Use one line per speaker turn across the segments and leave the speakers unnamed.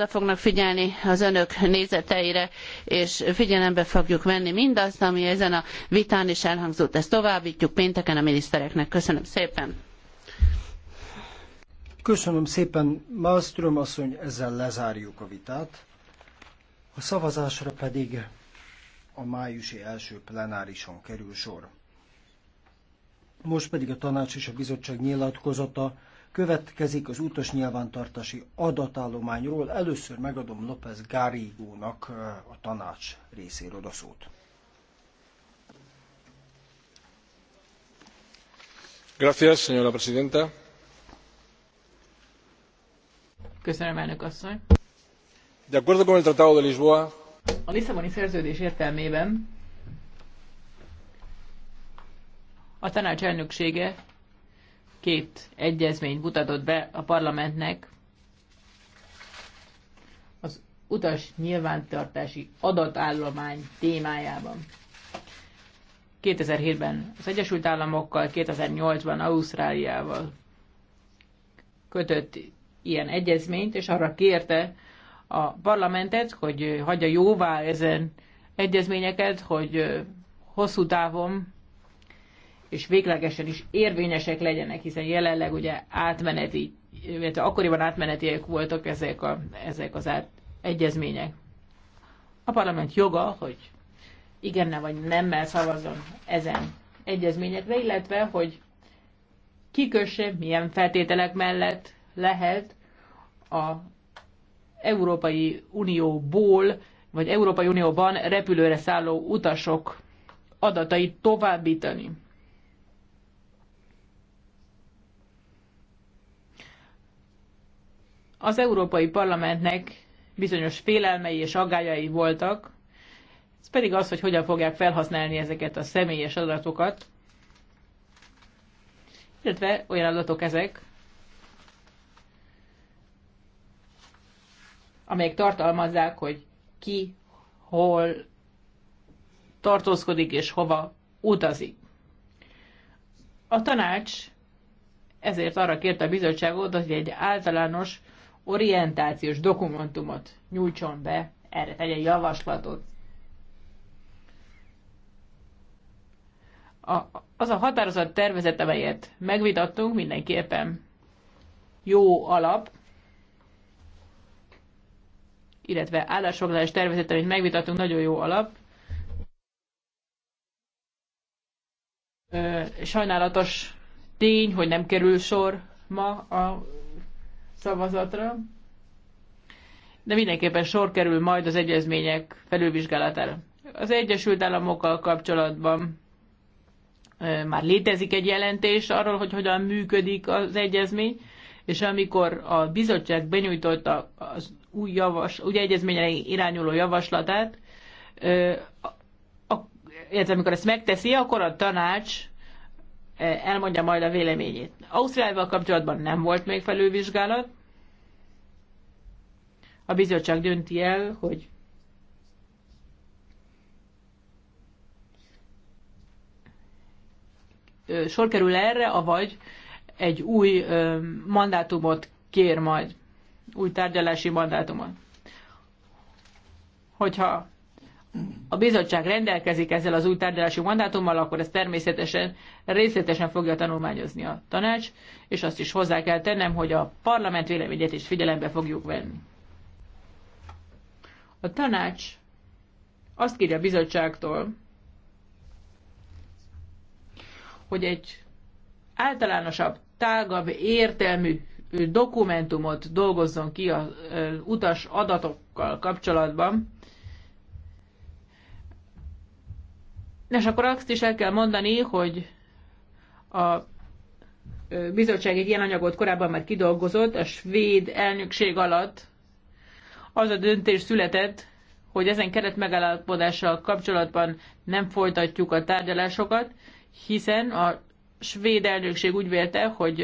oda fognak figyelni az önök nézeteire, és figyelembe fogjuk venni mindazt, ami ezen a vitán is elhangzott. Ezt továbbítjuk pénteken a minisztereknek. Köszönöm szépen!
Köszönöm szépen, Malmström asszony, ezzel lezárjuk a vitát. A szavazásra pedig a májusi első plenárison kerül sor. Most pedig a tanács és a bizottság nyilatkozata Következik az utas nyilvántartási adatállományról. Először megadom López Garrigónak a tanács részéről a szót.
Gracias, señora presidenta.
Köszönöm, elnök asszony.
De acuerdo con el Tratado de Lisboa,
a Lisszaboni szerződés értelmében a tanács elnöksége két egyezményt mutatott be a parlamentnek az utas nyilvántartási adatállomány témájában. 2007-ben az Egyesült Államokkal, 2008-ban Ausztráliával kötött ilyen egyezményt, és arra kérte a parlamentet, hogy hagyja jóvá ezen egyezményeket, hogy hosszú távon és véglegesen is érvényesek legyenek, hiszen jelenleg ugye átmeneti, illetve akkoriban átmenetiek voltak ezek, a, ezek az át, egyezmények. A parlament joga, hogy igenne vagy nemmel szavazzon ezen egyezményekre, illetve, hogy kikösse, milyen feltételek mellett lehet a Európai Unióból, vagy Európai Unióban repülőre szálló utasok adatait továbbítani. Az Európai Parlamentnek bizonyos félelmei és aggályai voltak, ez pedig az, hogy hogyan fogják felhasználni ezeket a személyes adatokat, illetve olyan adatok ezek, amelyek tartalmazzák, hogy ki, hol tartózkodik és hova utazik. A tanács ezért arra kérte a bizottságot, hogy egy általános orientációs dokumentumot nyújtson be, erre tegyen javaslatot. A, az a határozat tervezet, amelyet megvitattunk, mindenképpen jó alap, illetve állásfoglalás tervezet, amit megvitattunk, nagyon jó alap. Sajnálatos tény, hogy nem kerül sor ma a szavazatra, de mindenképpen sor kerül majd az egyezmények felülvizsgálatára. Az Egyesült Államokkal kapcsolatban már létezik egy jelentés arról, hogy hogyan működik az egyezmény, és amikor a bizottság benyújtotta az új, javas, új egyezményre irányuló javaslatát, illetve amikor ezt megteszi, akkor a tanács elmondja majd a véleményét. Ausztriával kapcsolatban nem volt még felülvizsgálat, a bizottság dönti el, hogy sor kerül erre, avagy egy új mandátumot kér majd, új tárgyalási mandátumot. Hogyha a bizottság rendelkezik ezzel az új tárgyalási mandátummal, akkor ez természetesen részletesen fogja tanulmányozni a tanács, és azt is hozzá kell tennem, hogy a parlament véleményét is figyelembe fogjuk venni. A tanács azt kérje a bizottságtól, hogy egy általánosabb, tágabb értelmű dokumentumot dolgozzon ki az utas adatokkal kapcsolatban, És akkor azt is el kell mondani, hogy a bizottság egy ilyen anyagot korábban már kidolgozott, a svéd elnökség alatt az a döntés született, hogy ezen keret megállapodással kapcsolatban nem folytatjuk a tárgyalásokat, hiszen a svéd elnökség úgy vélte, hogy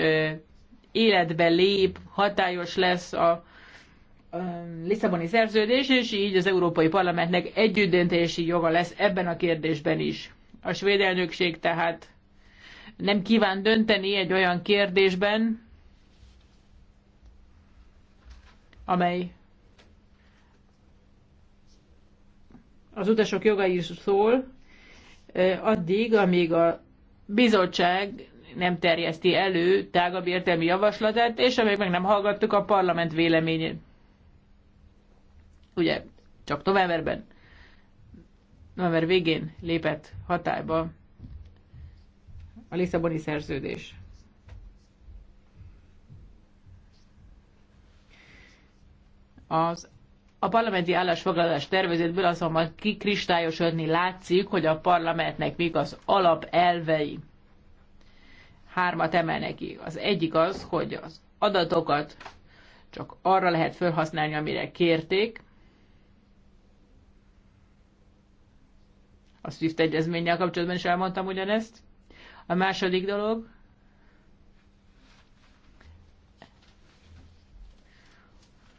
életbe lép, hatályos lesz a Lisszaboni szerződés, és így az Európai Parlamentnek együttdöntési joga lesz ebben a kérdésben is. A svéd elnökség tehát nem kíván dönteni egy olyan kérdésben, amely az utasok jogai is szól, addig, amíg a bizottság nem terjeszti elő tágabb értelmi javaslatát, és amíg meg nem hallgattuk a parlament véleményét. Ugye, csak novemberben, november végén lépett hatályba a Lisszaboni szerződés. Az a parlamenti állásfoglalás tervezetből azonban kikristályosodni látszik, hogy a parlamentnek mik az alapelvei. Hármat emelnek ki. Az egyik az, hogy az adatokat csak arra lehet felhasználni, amire kérték. A SWIFT egyezménnyel kapcsolatban is elmondtam ugyanezt. A második dolog,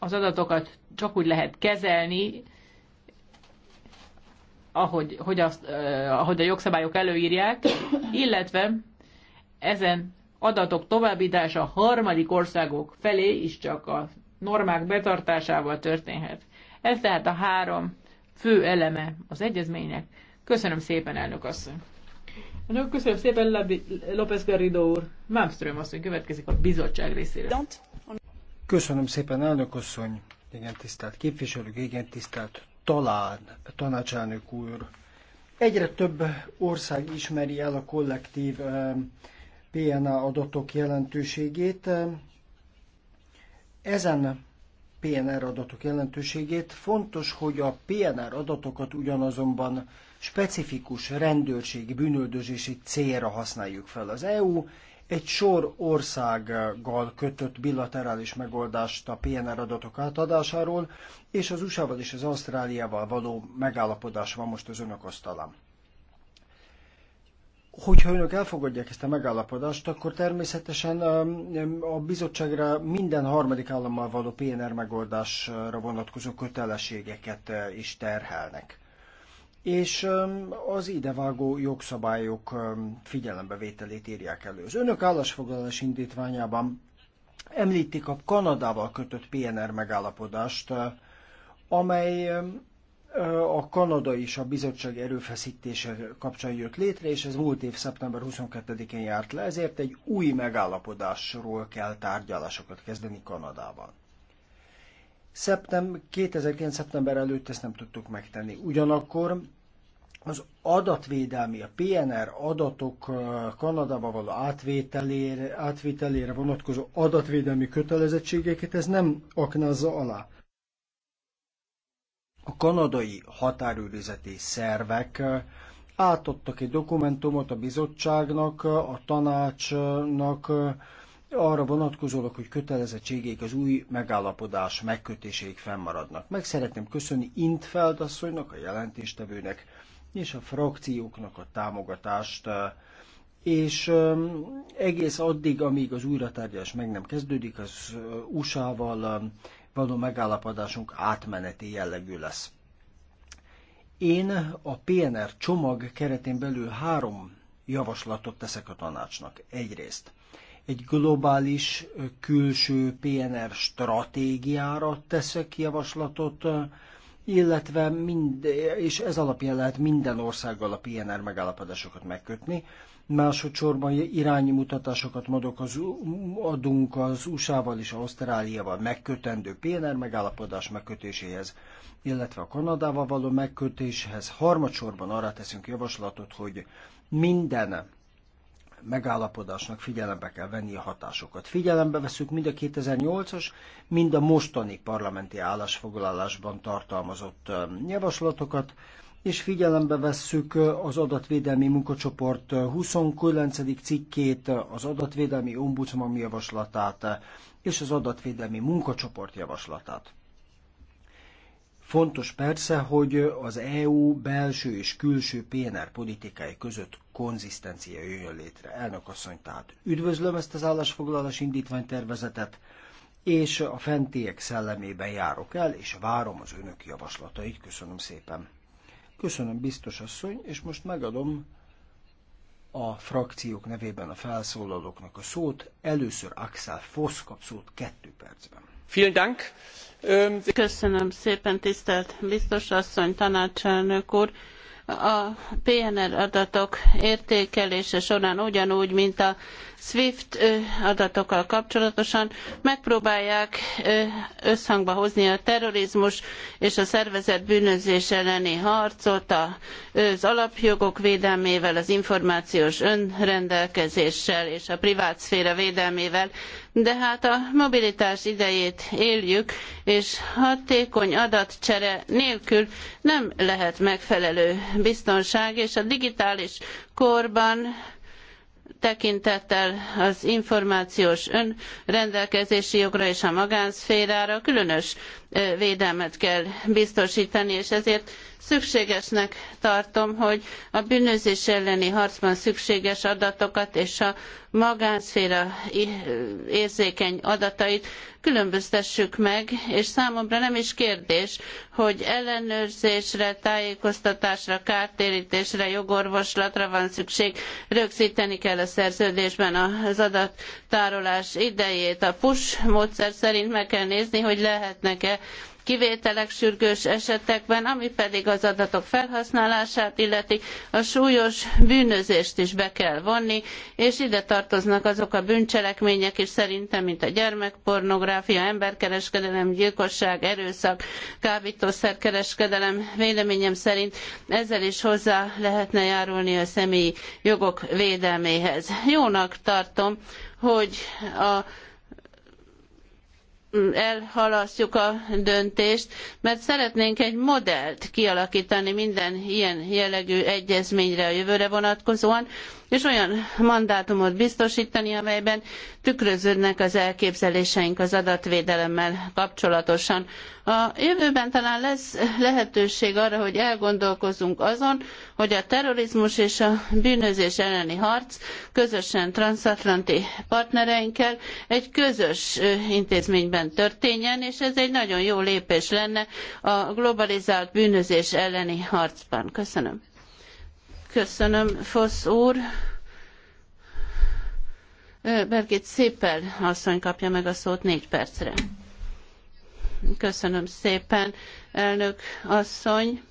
az adatokat csak úgy lehet kezelni, ahogy, hogy azt, eh, ahogy a jogszabályok előírják, illetve ezen adatok továbbítása harmadik országok felé is csak a normák betartásával történhet. Ez tehát a három fő eleme az egyezménynek. Köszönöm szépen, elnök asszony! Köszönöm szépen, López Garrido úr. Mámström asszony következik a bizottság részére.
Köszönöm szépen, elnök asszony, igen tisztelt képviselők, igen tisztelt talán tanácselnök úr. Egyre több ország ismeri el a kollektív eh, PNA adatok jelentőségét. Ezen PNR adatok jelentőségét. Fontos, hogy a PNR adatokat ugyanazonban specifikus rendőrségi bűnöldözési célra használjuk fel. Az EU egy sor országgal kötött bilaterális megoldást a PNR adatok átadásáról, és az USA-val és az Ausztráliával való megállapodás van most az önök asztalán hogyha önök elfogadják ezt a megállapodást, akkor természetesen um, um, a bizottságra minden harmadik állammal való PNR megoldásra vonatkozó kötelességeket uh, is terhelnek és az idevágó jogszabályok figyelembevételét írják elő. Az önök állásfoglalás indítványában említik a Kanadával kötött PNR megállapodást, amely a Kanada és a bizottság erőfeszítése kapcsán jött létre, és ez múlt év szeptember 22-én járt le, ezért egy új megállapodásról kell tárgyalásokat kezdeni Kanadában. Szeptem, 2009. szeptember előtt ezt nem tudtuk megtenni. Ugyanakkor az adatvédelmi, a PNR adatok Kanadába való átvételére, átvételére vonatkozó adatvédelmi kötelezettségeket ez nem aknázza alá. A kanadai határőrizeti szervek átadtak egy dokumentumot a bizottságnak, a tanácsnak, arra vonatkozólag, hogy kötelezettségék az új megállapodás megkötéséig fennmaradnak. Meg szeretném köszönni Intfeld asszonynak, a jelentéstevőnek és a frakcióknak a támogatást, és egész addig, amíg az újratárgyás meg nem kezdődik, az USA-val való megállapodásunk átmeneti jellegű lesz. Én a PNR csomag keretén belül három javaslatot teszek a tanácsnak. Egyrészt egy globális külső PNR stratégiára teszek javaslatot, illetve mind, és ez alapján lehet minden országgal a PNR megállapodásokat megkötni. Másodszorban iránymutatásokat adok az, adunk az USA-val és Ausztráliával megkötendő PNR megállapodás megkötéséhez, illetve a Kanadával való megkötéshez. Harmadsorban arra teszünk javaslatot, hogy minden megállapodásnak figyelembe kell venni a hatásokat. Figyelembe veszük mind a 2008-as, mind a mostani parlamenti állásfoglalásban tartalmazott javaslatokat, és figyelembe vesszük az adatvédelmi munkacsoport 29. cikkét, az adatvédelmi ombudsman javaslatát és az adatvédelmi munkacsoport javaslatát. Fontos persze, hogy az EU belső és külső PNR politikái között konzisztencia jöjjön létre. Elnök asszony, tehát üdvözlöm ezt az állásfoglalás indítványtervezetet, és a fentiek szellemében járok el, és várom az önök javaslatait. Köszönöm szépen. Köszönöm, biztos asszony, és most megadom a frakciók nevében a felszólalóknak a szót. Először Axel Fosz kap szót kettő percben.
Ähm, Köszönöm szépen, tisztelt biztos asszony, tanácselnök úr a PNR adatok értékelése során ugyanúgy, mint a SWIFT adatokkal kapcsolatosan megpróbálják összhangba hozni a terrorizmus és a szervezett bűnözés elleni harcot, az alapjogok védelmével, az információs önrendelkezéssel és a privátszféra védelmével de hát a mobilitás idejét éljük, és hatékony adatcsere nélkül nem lehet megfelelő biztonság, és a digitális korban tekintettel az információs önrendelkezési jogra és a magánszférára különös védelmet kell biztosítani, és ezért Szükségesnek tartom, hogy a bűnözés elleni harcban szükséges adatokat és a magánszféra érzékeny adatait különböztessük meg, és számomra nem is kérdés, hogy ellenőrzésre, tájékoztatásra, kártérítésre, jogorvoslatra van szükség, rögzíteni kell a szerződésben az adattárolás idejét. A push módszer szerint meg kell nézni, hogy lehetnek-e kivételek sürgős esetekben, ami pedig az adatok felhasználását illeti, a súlyos bűnözést is be kell vonni, és ide tartoznak azok a bűncselekmények is szerintem, mint a gyermekpornográfia, emberkereskedelem, gyilkosság, erőszak, kábítószerkereskedelem. Véleményem szerint ezzel is hozzá lehetne járulni a személyi jogok védelméhez. Jónak tartom, hogy a elhalasztjuk a döntést, mert szeretnénk egy modellt kialakítani minden ilyen jellegű egyezményre a jövőre vonatkozóan, és olyan mandátumot biztosítani, amelyben tükröződnek az elképzeléseink az adatvédelemmel kapcsolatosan. A jövőben talán lesz lehetőség arra, hogy elgondolkozzunk azon, hogy a terrorizmus és a bűnözés elleni harc közösen transatlanti partnereinkkel egy közös intézményben gyorsan történjen, és ez egy nagyon jó lépés lenne a globalizált bűnözés elleni harcban. Köszönöm. Köszönöm, Fosz úr. Bergit Szépel asszony kapja meg a szót négy percre. Köszönöm szépen, elnök asszony.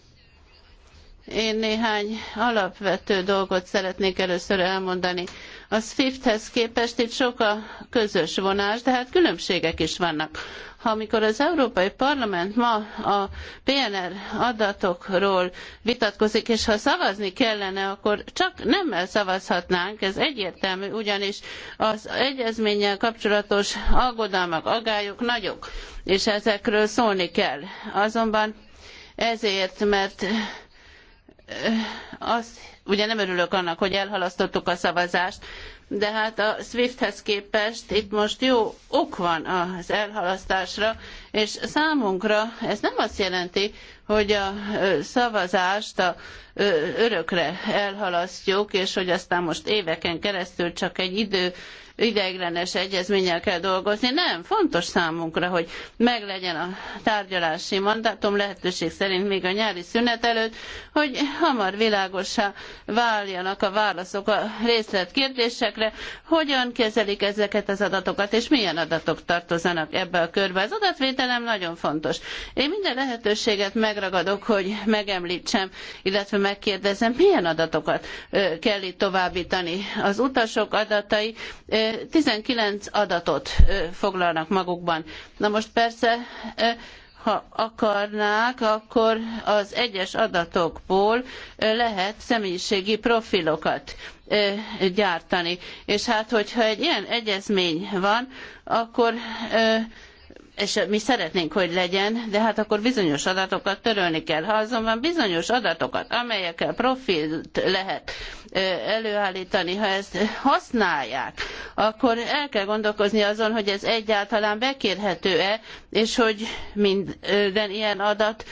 Én néhány alapvető dolgot szeretnék először elmondani. A SWIFT-hez képest itt sok a közös vonás, de hát különbségek is vannak. Ha amikor az Európai Parlament ma a PNR adatokról vitatkozik, és ha szavazni kellene, akkor csak nemmel szavazhatnánk, ez egyértelmű, ugyanis az egyezménnyel kapcsolatos aggodalmak, agályok nagyok, és ezekről szólni kell. Azonban ezért, mert az ugye nem örülök annak, hogy elhalasztottuk a szavazást, de hát a swift képest itt most jó ok van az elhalasztásra, és számunkra ez nem azt jelenti, hogy a szavazást a örökre elhalasztjuk, és hogy aztán most éveken keresztül csak egy idő ideiglenes egyezménnyel kell dolgozni. Nem, fontos számunkra, hogy meglegyen a tárgyalási mandátum lehetőség szerint még a nyári szünet előtt, hogy hamar világossá váljanak a válaszok a részletkérdésekre, hogyan kezelik ezeket az adatokat, és milyen adatok tartozanak ebbe a körbe. Az adatvétel szerintem nagyon fontos. Én minden lehetőséget megragadok, hogy megemlítsem, illetve megkérdezem, milyen adatokat kell itt továbbítani. Az utasok adatai 19 adatot foglalnak magukban. Na most persze ha akarnák, akkor az egyes adatokból lehet személyiségi profilokat gyártani. És hát, hogyha egy ilyen egyezmény van, akkor és mi szeretnénk, hogy legyen, de hát akkor bizonyos adatokat törölni kell. Ha azonban bizonyos adatokat, amelyekkel profilt lehet előállítani, ha ezt használják, akkor el kell gondolkozni azon, hogy ez egyáltalán bekérhető-e, és hogy minden ilyen adat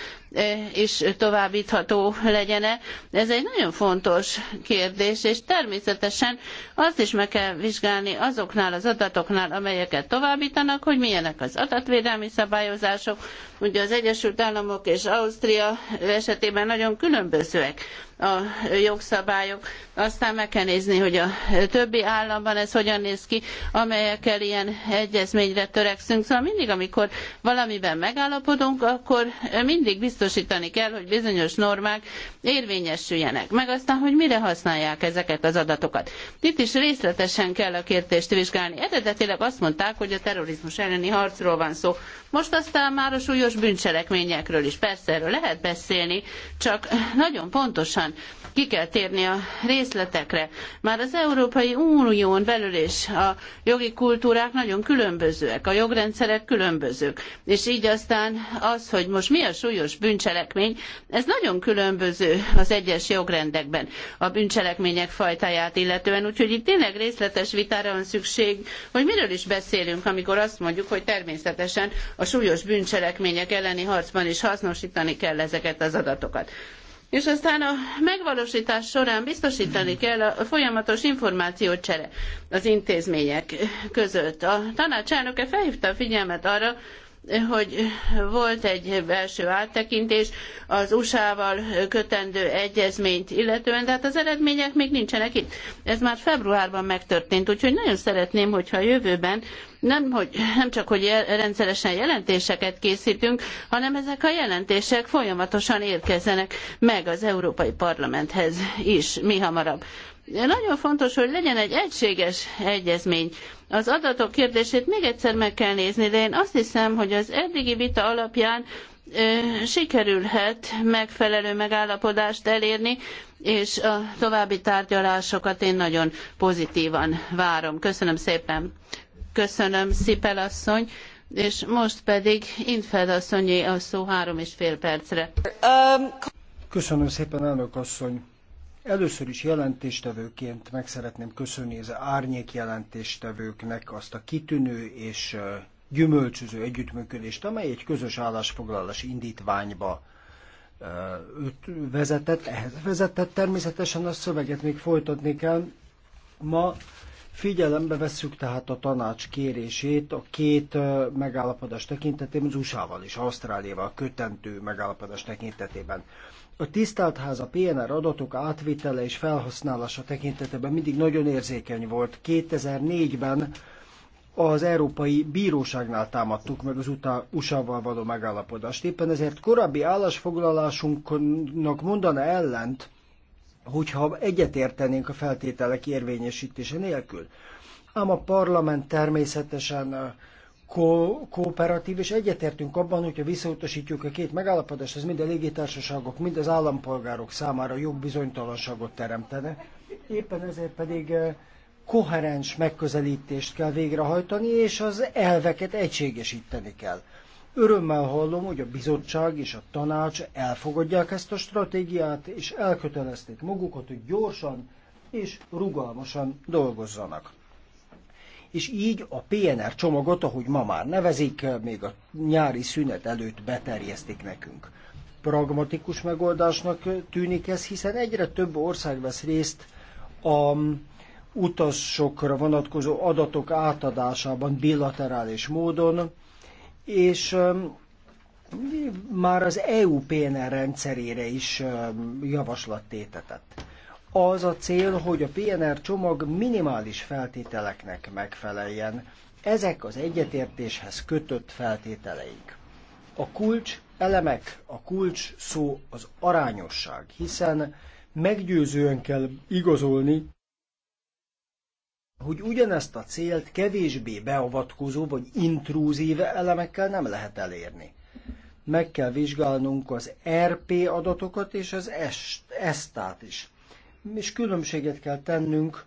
is továbbítható legyen-e. Ez egy nagyon fontos kérdés, és természetesen azt is meg kell vizsgálni azoknál az adatoknál, amelyeket továbbítanak, hogy milyenek az adatvédelmi szabályozások. Ugye az Egyesült Államok és Ausztria esetében nagyon különbözőek a jogszabályok, aztán meg kell nézni, hogy a többi államban ez hogyan néz ki, amelyekkel ilyen egyezményre törekszünk. Szóval mindig, amikor valamiben megállapodunk, akkor mindig biztosítani kell, hogy bizonyos normák érvényesüljenek. Meg aztán, hogy mire használják ezeket az adatokat. Itt is részletesen kell a kértést vizsgálni. Eredetileg azt mondták, hogy a terrorizmus elleni harcról van szó. Most aztán már a súlyos bűncselekményekről is. Persze erről lehet beszélni, csak nagyon pontosan ki kell térni a rész részletekre. Már az Európai Unión belül is a jogi kultúrák nagyon különbözőek, a jogrendszerek különbözők. És így aztán az, hogy most mi a súlyos bűncselekmény, ez nagyon különböző az egyes jogrendekben a bűncselekmények fajtáját illetően. Úgyhogy itt tényleg részletes vitára van szükség, hogy miről is beszélünk, amikor azt mondjuk, hogy természetesen a súlyos bűncselekmények elleni harcban is hasznosítani kell ezeket az adatokat. És aztán a megvalósítás során biztosítani kell a folyamatos információcsere az intézmények között. A tanács elnöke felhívta a figyelmet arra, hogy volt egy belső áttekintés az USA-val kötendő egyezményt illetően, de hát az eredmények még nincsenek itt. Ez már februárban megtörtént, úgyhogy nagyon szeretném, hogyha a jövőben nem, hogy, nem csak, hogy jel, rendszeresen jelentéseket készítünk, hanem ezek a jelentések folyamatosan érkezzenek meg az Európai Parlamenthez is, mi hamarabb. Nagyon fontos, hogy legyen egy egységes egyezmény az adatok kérdését még egyszer meg kell nézni, de én azt hiszem, hogy az eddigi vita alapján sikerülhet megfelelő megállapodást elérni, és a további tárgyalásokat én nagyon pozitívan várom. Köszönöm szépen. Köszönöm, Szipel asszony. És most pedig Infeld asszonyé a szó három és fél percre.
Köszönöm szépen, elnök asszony. Először is jelentéstevőként meg szeretném köszönni az árnyék jelentéstevőknek azt a kitűnő és gyümölcsöző együttműködést, amely egy közös állásfoglalás indítványba vezetett, ehhez vezetett természetesen a szöveget még folytatni kell. Ma figyelembe vesszük tehát a tanács kérését a két megállapodás tekintetében, az USA-val és Ausztráliával kötentő megállapodás tekintetében. A tisztelt ház a PNR adatok átvitele és felhasználása tekintetében mindig nagyon érzékeny volt. 2004-ben az Európai Bíróságnál támadtuk meg az USA-val való megállapodást. Éppen ezért korábbi állásfoglalásunknak mondana ellent, hogyha egyetértenénk a feltételek érvényesítése nélkül. Ám a parlament természetesen ko- kooperatív, és egyetértünk abban, hogyha visszautasítjuk a két megállapodást, ez mind a légitársaságok, mind az állampolgárok számára jogbizonytalanságot teremtene. Éppen ezért pedig eh, koherens megközelítést kell végrehajtani, és az elveket egységesíteni kell. Örömmel hallom, hogy a bizottság és a tanács elfogadják ezt a stratégiát, és elkötelezték magukat, hogy gyorsan és rugalmasan dolgozzanak és így a PNR csomagot, ahogy ma már nevezik, még a nyári szünet előtt beterjesztik nekünk. Pragmatikus megoldásnak tűnik ez, hiszen egyre több ország vesz részt a utasokra vonatkozó adatok átadásában bilaterális módon, és um, már az EU PNR rendszerére is um, javaslat tétetett az a cél, hogy a PNR csomag minimális feltételeknek megfeleljen. Ezek az egyetértéshez kötött feltételeink. A kulcs elemek, a kulcs szó az arányosság, hiszen meggyőzően kell igazolni, hogy ugyanezt a célt kevésbé beavatkozó vagy intrúzív elemekkel nem lehet elérni. Meg kell vizsgálnunk az RP adatokat és az ESTÁT is és különbséget kell tennünk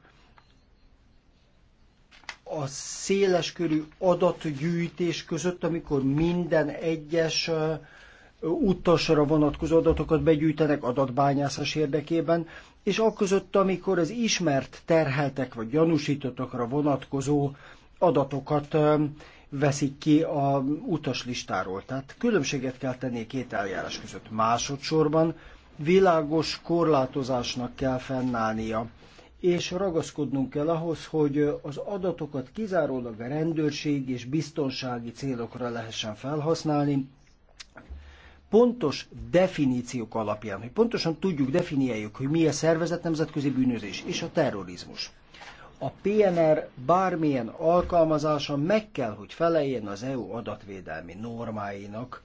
a széleskörű adatgyűjtés között, amikor minden egyes utasra vonatkozó adatokat begyűjtenek adatbányászás érdekében, és aközött, amikor az ismert terheltek vagy gyanúsítottakra vonatkozó adatokat veszik ki a utaslistáról. Tehát különbséget kell tenni a két eljárás között. Másodszorban világos korlátozásnak kell fennállnia, és ragaszkodnunk kell ahhoz, hogy az adatokat kizárólag a rendőrség és biztonsági célokra lehessen felhasználni, pontos definíciók alapján, hogy pontosan tudjuk, definiáljuk, hogy mi a szervezet nemzetközi bűnözés és a terrorizmus. A PNR bármilyen alkalmazása meg kell, hogy feleljen az EU adatvédelmi normáinak,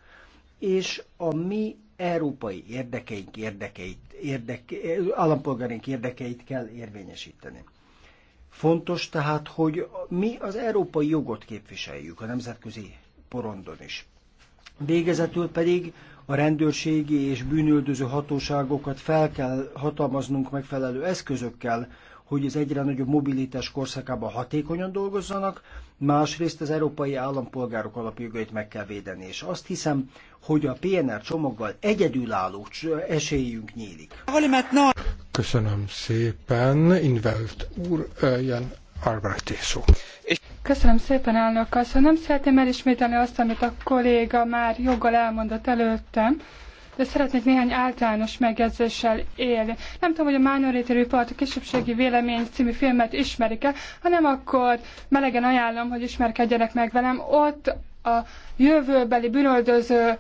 és a mi európai érdekeink érdekeit, érdeke, állampolgáraink érdekeit kell érvényesíteni. Fontos tehát, hogy mi az európai jogot képviseljük a nemzetközi porondon is. Végezetül pedig a rendőrségi és bűnöldöző hatóságokat fel kell hatalmaznunk megfelelő eszközökkel, hogy az egyre nagyobb mobilitás korszakában hatékonyan dolgozzanak, másrészt az európai állampolgárok alapjogait meg kell védeni. És azt hiszem, hogy a PNR csomaggal egyedülálló esélyünk nyílik.
Köszönöm szépen, Invelt úr, ilyen Arbrechtészó.
Köszönöm szépen, elnök asszony. Nem szeretném elismételni azt, amit a kolléga már joggal elmondott előttem, de szeretnék néhány általános megjegyzéssel élni. Nem tudom, hogy a Minority Report, a kisebbségi vélemény című filmet ismerik-e, hanem akkor melegen ajánlom, hogy ismerkedjenek meg velem. Ott a jövőbeli bűnöldöző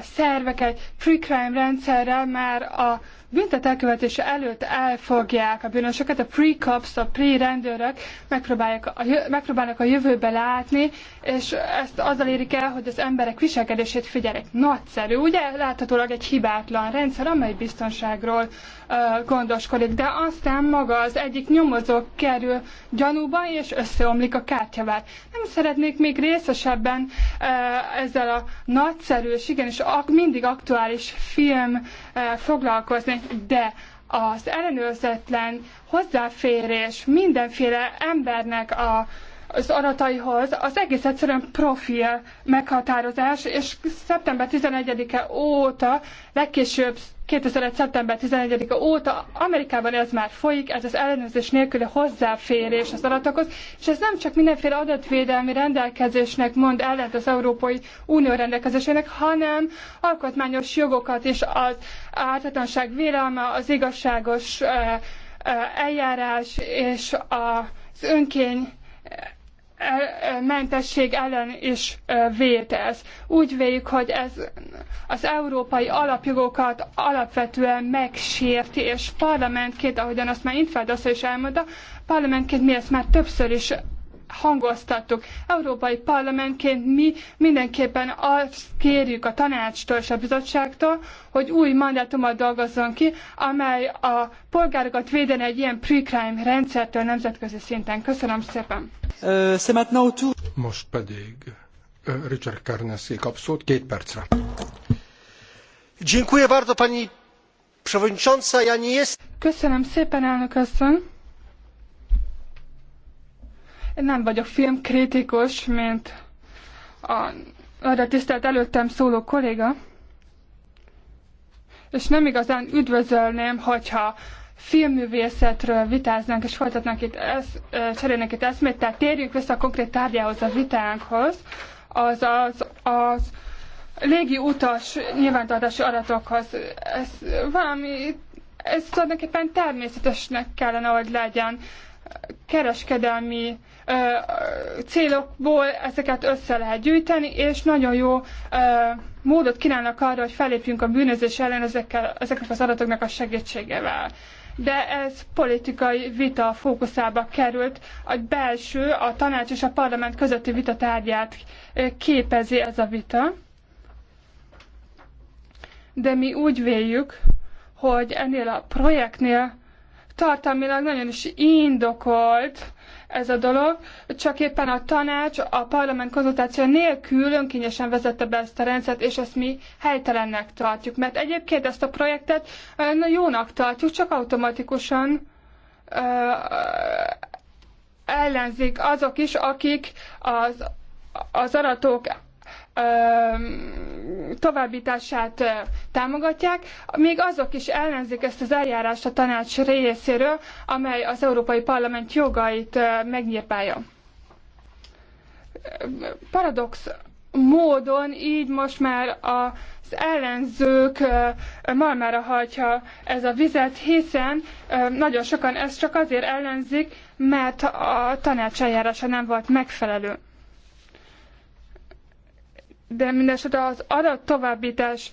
szerveket, pre-crime rendszerrel már a büntet elkövetése előtt elfogják a bűnösöket, a pre-cops, a pre-rendőrök megpróbálják a, megpróbálnak a jövőbe látni, és ezt azzal érik el, hogy az emberek viselkedését figyelik. Nagyszerű, ugye? Láthatólag egy hibátlan rendszer, amely biztonságról gondoskodik, de aztán maga az egyik nyomozó kerül gyanúba, és összeomlik a kártyavár. Nem szeretnék még részesebben ezzel a nagyszerű és igenis ak- mindig aktuális film foglalkozni, de az ellenőrzetlen hozzáférés mindenféle embernek a, az adataihoz az egész egyszerűen profil meghatározás, és szeptember 11-e óta legkésőbb 2001. szeptember 11-e óta Amerikában ez már folyik, ez az ellenőrzés nélküli hozzáférés az adatokhoz, és ez nem csak mindenféle adatvédelmi rendelkezésnek mond ellent az Európai Unió rendelkezésének, hanem alkotmányos jogokat és az ártatlanság vélelme, az igazságos eh, eh, eljárás és az önkény mentesség ellen is védez. Úgy véljük, hogy ez az európai alapjogokat alapvetően megsérti, és parlamentként, ahogyan azt már Intveld is elmondta, parlamentként mi ezt már többször is hangoztattuk. Európai Parlamentként mi mindenképpen azt kérjük a tanácstól és a bizottságtól, hogy új mandátumot dolgozzon ki, amely a polgárokat védene egy ilyen pre-crime rendszertől nemzetközi szinten. Köszönöm szépen.
Most pedig Richard Karneszé kap szót két percre.
Köszönöm szépen, elnök asszony nem vagyok filmkritikus, mint a arra tisztelt előttem szóló kolléga, és nem igazán üdvözölném, hogyha filmművészetről vitáznánk és folytatnánk itt esz, cserélnek itt eszmét, tehát térjünk vissza a konkrét tárgyához, a vitánkhoz, az, az, az légi utas nyilvántartási adatokhoz. Ez valami, ez tulajdonképpen természetesnek kellene, hogy legyen kereskedelmi ö, célokból ezeket össze lehet gyűjteni, és nagyon jó ö, módot kínálnak arra, hogy felépjünk a bűnözés ellen ezekkel, ezeknek az adatoknak a segítségével. De ez politikai vita fókuszába került, a belső, a tanács és a parlament közötti vita tárgyát képezi ez a vita. De mi úgy véljük, hogy ennél a projektnél tartalmilag nagyon is indokolt ez a dolog, csak éppen a tanács a parlament konzultáció nélkül önkényesen vezette be ezt a rendszert, és ezt mi helytelennek tartjuk. Mert egyébként ezt a projektet jónak tartjuk, csak automatikusan ellenzik azok is, akik az, az aratók továbbítását támogatják, még azok is ellenzik ezt az eljárást a tanács részéről, amely az Európai Parlament jogait megnyírpálja. Paradox módon így most már az ellenzők malmára hajtja ez a vizet, hiszen nagyon sokan ezt csak azért ellenzik, mert a tanács eljárása nem volt megfelelő de mindesetre az továbbítás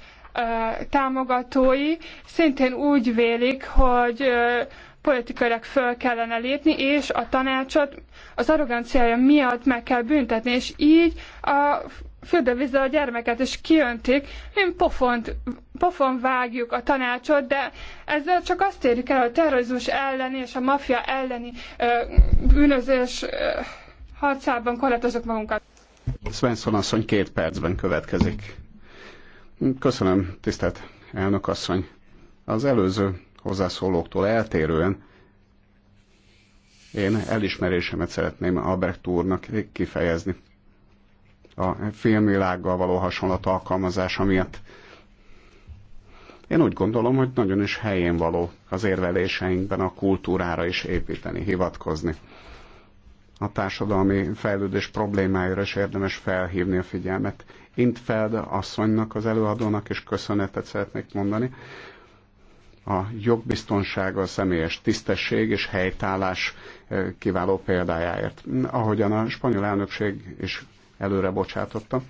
támogatói szintén úgy vélik, hogy politikailag föl kellene lépni, és a tanácsot az arroganciája miatt meg kell büntetni, és így a fürdővízzel a gyermeket is kiöntik, mint pofont, pofon vágjuk a tanácsot, de ezzel csak azt érjük el, hogy a terrorizmus elleni és a maffia elleni ö, bűnözés ö, harcában korlátozok magunkat.
Svensson asszony két percben következik. Köszönöm, tisztelt elnök asszony. Az előző hozzászólóktól eltérően én elismerésemet szeretném Albrecht úrnak kifejezni. A filmvilággal való hasonlat alkalmazása miatt én úgy gondolom, hogy nagyon is helyén való az érveléseinkben a kultúrára is építeni, hivatkozni a társadalmi fejlődés problémáira is érdemes felhívni a figyelmet. Intfeld asszonynak, az előadónak is köszönetet szeretnék mondani. A jogbiztonság, a személyes tisztesség és helytállás kiváló példájáért. Ahogyan a spanyol elnökség is előre bocsátotta,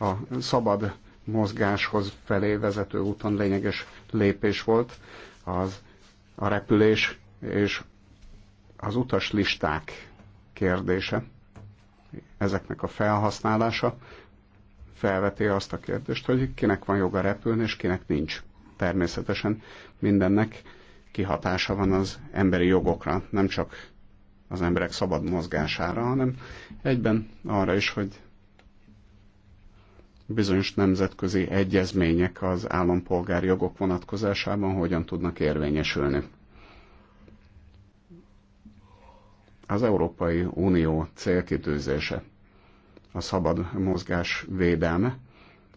a szabad mozgáshoz felé vezető úton lényeges lépés volt az a repülés és az utas listák kérdése, ezeknek a felhasználása felveti azt a kérdést, hogy kinek van joga repülni, és kinek nincs. Természetesen mindennek kihatása van az emberi jogokra, nem csak az emberek szabad mozgására, hanem egyben arra is, hogy bizonyos nemzetközi egyezmények az állampolgári jogok vonatkozásában hogyan tudnak érvényesülni. az Európai Unió célkitűzése, a szabad mozgás védelme.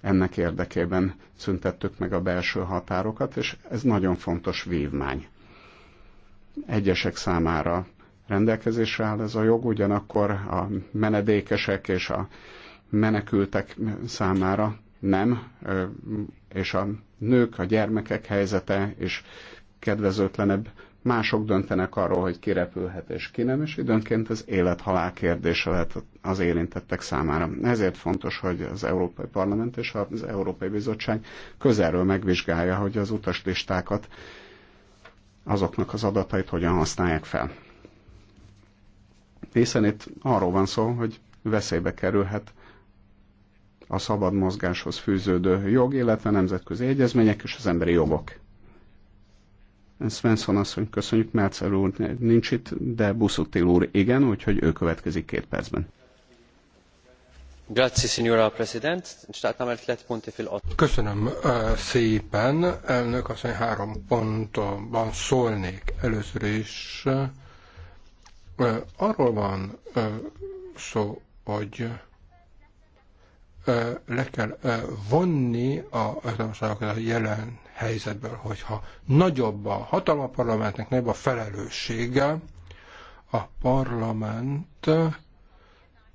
Ennek érdekében szüntettük meg a belső határokat, és ez nagyon fontos vívmány. Egyesek számára rendelkezésre áll ez a jog, ugyanakkor a menedékesek és a menekültek számára nem, és a nők, a gyermekek helyzete is kedvezőtlenebb mások döntenek arról, hogy kirepülhet és ki nem, és időnként ez élet-halál kérdése lehet az érintettek számára. Ezért fontos, hogy az Európai Parlament és az Európai Bizottság közelről megvizsgálja, hogy az utaslistákat, azoknak az adatait hogyan használják fel. Hiszen itt arról van szó, hogy veszélybe kerülhet a szabad mozgáshoz fűződő jog, illetve nemzetközi egyezmények és az emberi jogok. Svensson asszony, köszönjük, Meltzer úr nincs itt, de Buszottil úr igen, úgyhogy ő következik két percben.
Köszönöm uh, szépen, elnök asszony, három pontban szólnék. Először is uh, arról van uh, szó, hogy le kell vonni a a jelen helyzetből, hogyha nagyobb a hatalma a parlamentnek, nagyobb a felelőssége, a parlament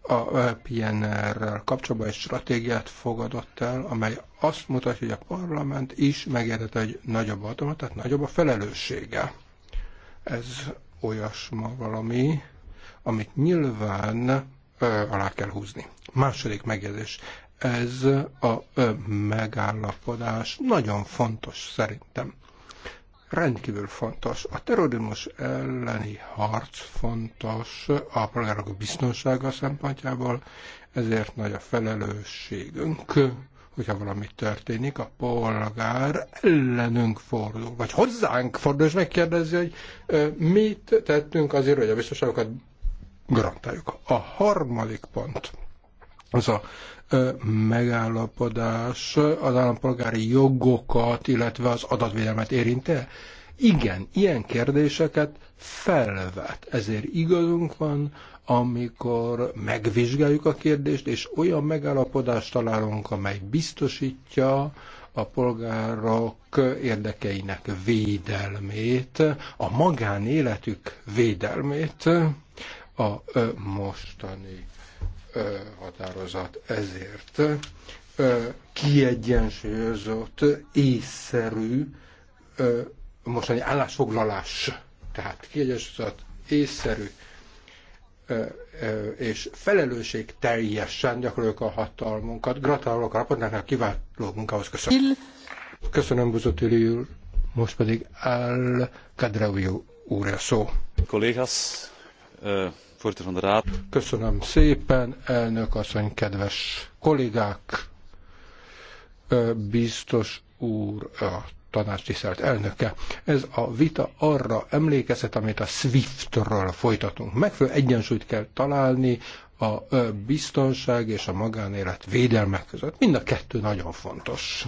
a PNR-rel kapcsolatban egy stratégiát fogadott el, amely azt mutatja, hogy a parlament is megérhet egy nagyobb hatalmat, tehát nagyobb a felelőssége. Ez olyasma valami, amit nyilván ö, alá kell húzni. Második megjegyzés ez a megállapodás nagyon fontos szerintem. Rendkívül fontos. A terrorizmus elleni harc fontos a polgárok biztonsága szempontjából, ezért nagy a felelősségünk, hogyha valami történik, a polgár ellenünk fordul, vagy hozzánk fordul, és megkérdezi, hogy mit tettünk azért, hogy a biztonságokat garantáljuk. A harmadik pont az a megállapodás az állampolgári jogokat, illetve az adatvédelmet érinte? Igen, ilyen kérdéseket felvet. Ezért igazunk van, amikor megvizsgáljuk a kérdést, és olyan megállapodást találunk, amely biztosítja a polgárok érdekeinek védelmét, a magánéletük védelmét a mostani határozat. Ezért kiegyensúlyozott, észszerű mostani állásfoglalás, tehát kiegyensúlyozott, észszerű és felelősség teljesen gyakoroljuk a hatalmunkat. Gratulálok a a kiváló munkához köszönöm. Köszönöm, Buzotili úr. Most pedig Al Kadraui úr a szó.
Kollégasz,
Köszönöm szépen, elnök asszony, kedves kollégák, biztos úr, a tanács tisztelt elnöke. Ez a vita arra emlékezett, amit a SWIFT-ről folytatunk. Megfelelő egyensúlyt kell találni a biztonság és a magánélet védelme között. Mind a kettő nagyon fontos.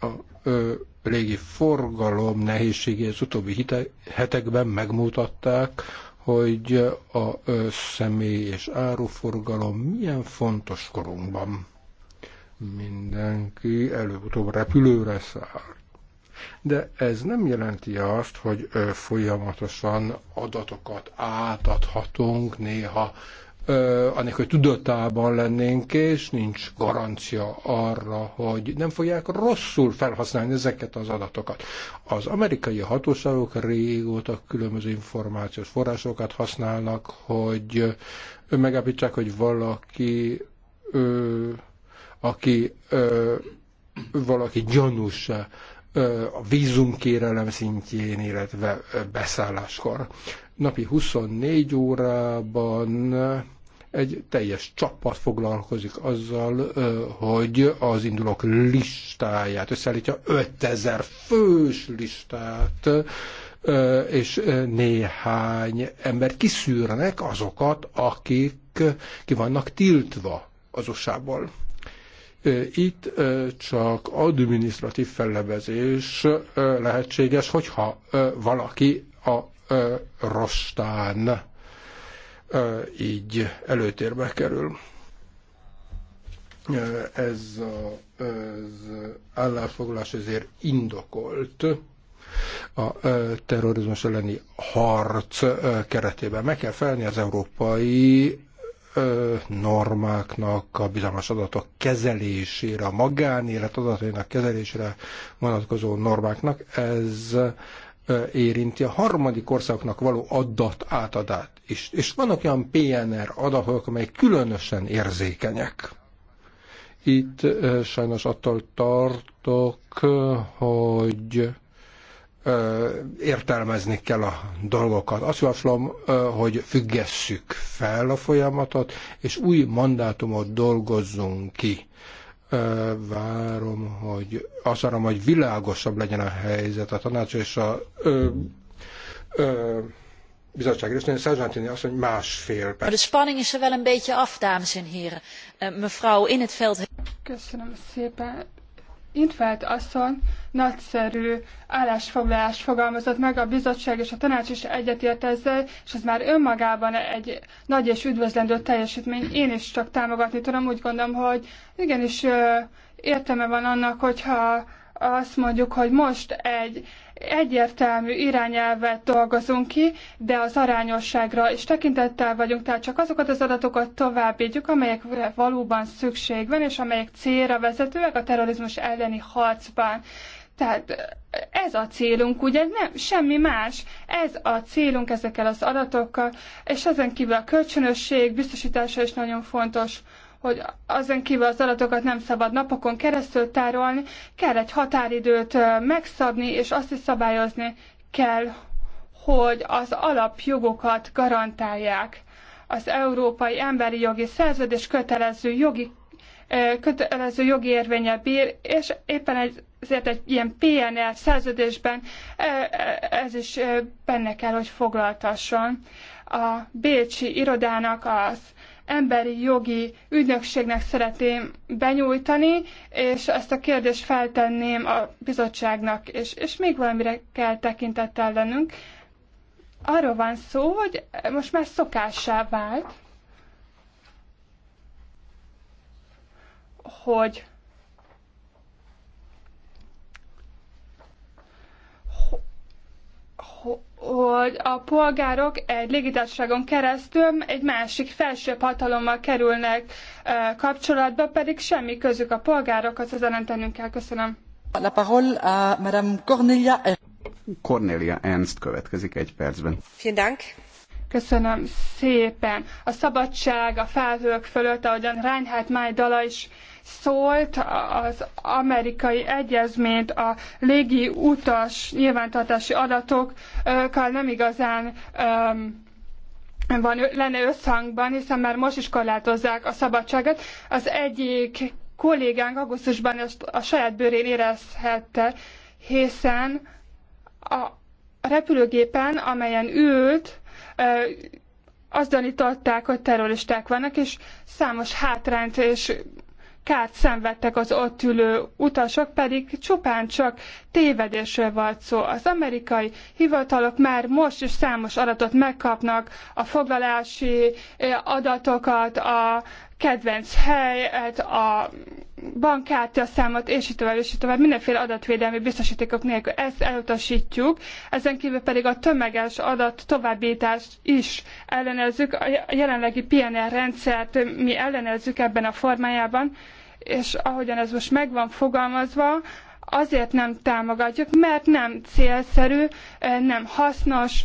A ö, légi forgalom nehézségei az utóbbi hite, hetekben megmutatták, hogy a ö, személy és áruforgalom milyen fontos korunkban. Mindenki előbb-utóbb repülőre száll. De ez nem jelenti azt, hogy ö, folyamatosan adatokat átadhatunk, néha anélkül, hogy tudatában lennénk, és nincs garancia arra, hogy nem fogják rosszul felhasználni ezeket az adatokat. Az amerikai hatóságok régóta különböző információs forrásokat használnak, hogy megállapítsák, hogy valaki, ö, aki ö, valaki gyanús a vízumkérelem szintjén, illetve beszálláskor. Napi 24 órában egy teljes csapat foglalkozik azzal, hogy az indulók listáját összeállítja, 5000 fős listát, és néhány embert kiszűrnek azokat, akik ki vannak tiltva az usa Itt csak adminisztratív fellebezés lehetséges, hogyha valaki a rostán így előtérbe kerül. Ez az állásfoglalás ezért indokolt a terrorizmus elleni harc keretében. Meg kell felni az európai normáknak, a bizalmas adatok kezelésére, a magánélet adatainak kezelésére vonatkozó normáknak. Ez érinti a harmadik országoknak való adat átadát is. És vannak olyan PNR adatok, amelyek különösen érzékenyek. Itt sajnos attól tartok, hogy értelmezni kell a dolgokat. Azt javaslom, hogy függesszük fel a folyamatot, és új mandátumot dolgozzunk ki várom, hogy azt várom, hogy világosabb legyen a helyzet a tanács és a ö, ö, bizottság részén. Sargentini azt mondja, másfél perc.
De spanning is er wel een beetje af, dames en heren. Eh, mevrouw in het veld... Köszönöm szépen. Infelt asszony nagyszerű állásfoglalást fogalmazott meg, a bizottság és a tanács is egyetért ezzel, és ez már önmagában egy nagy és üdvözlendő teljesítmény. Én is csak támogatni tudom, úgy gondolom, hogy igenis értelme van annak, hogyha azt mondjuk, hogy most egy egyértelmű irányelvet dolgozunk ki, de az arányosságra is tekintettel vagyunk, tehát csak azokat az adatokat továbbítjuk, amelyekre valóban szükség van, és amelyek célra vezetőek a terrorizmus elleni harcban. Tehát ez a célunk, ugye nem, semmi más. Ez a célunk ezekkel az adatokkal, és ezen kívül a kölcsönösség biztosítása is nagyon fontos hogy azon kívül az adatokat nem szabad napokon keresztül tárolni, kell egy határidőt megszabni, és azt is szabályozni kell, hogy az alapjogokat garantálják. Az Európai Emberi Jogi Szerződés kötelező jogi kötelező jogi érvénye bír, és éppen egy ezért egy ilyen PNR szerződésben ez is benne kell, hogy foglaltasson. A Bécsi irodának az emberi jogi ügynökségnek szeretném benyújtani, és ezt a kérdést feltenném a bizottságnak, és, és még valamire kell tekintettel lennünk. Arról van szó, hogy most már szokássá vált, hogy hogy a polgárok egy légitársaságon keresztül egy másik felsőbb hatalommal kerülnek kapcsolatba, pedig semmi közük a polgárokhoz, az nem tennünk kell. Köszönöm. La parole à Madame Cornelia Ernst.
Cornelia Ernst következik egy percben.
Vielen Dank. Köszönöm szépen. A szabadság a felhők fölött, ahogyan Reinhardt Mai dala is szólt, az amerikai egyezményt a légi utas nyilvántartási adatokkal nem igazán um, van, lenne összhangban, hiszen már most is korlátozzák a szabadságot. Az egyik kollégánk augusztusban ezt a saját bőrén érezhette, hiszen a repülőgépen, amelyen ült, azt gyanították, hogy terroristák vannak, és számos hátrányt és kárt szenvedtek az ott ülő utasok, pedig csupán csak tévedésről volt szó. Az amerikai hivatalok már most is számos adatot megkapnak, a foglalási adatokat, a kedvenc helyet, a bankkártyaszámot, és így tovább, és így tovább, mindenféle adatvédelmi biztosítékok nélkül ezt elutasítjuk, ezen kívül pedig a tömeges adat továbbítást is ellenezzük, a jelenlegi PNR rendszert mi ellenezzük ebben a formájában, és ahogyan ez most meg van fogalmazva, azért nem támogatjuk, mert nem célszerű, nem hasznos,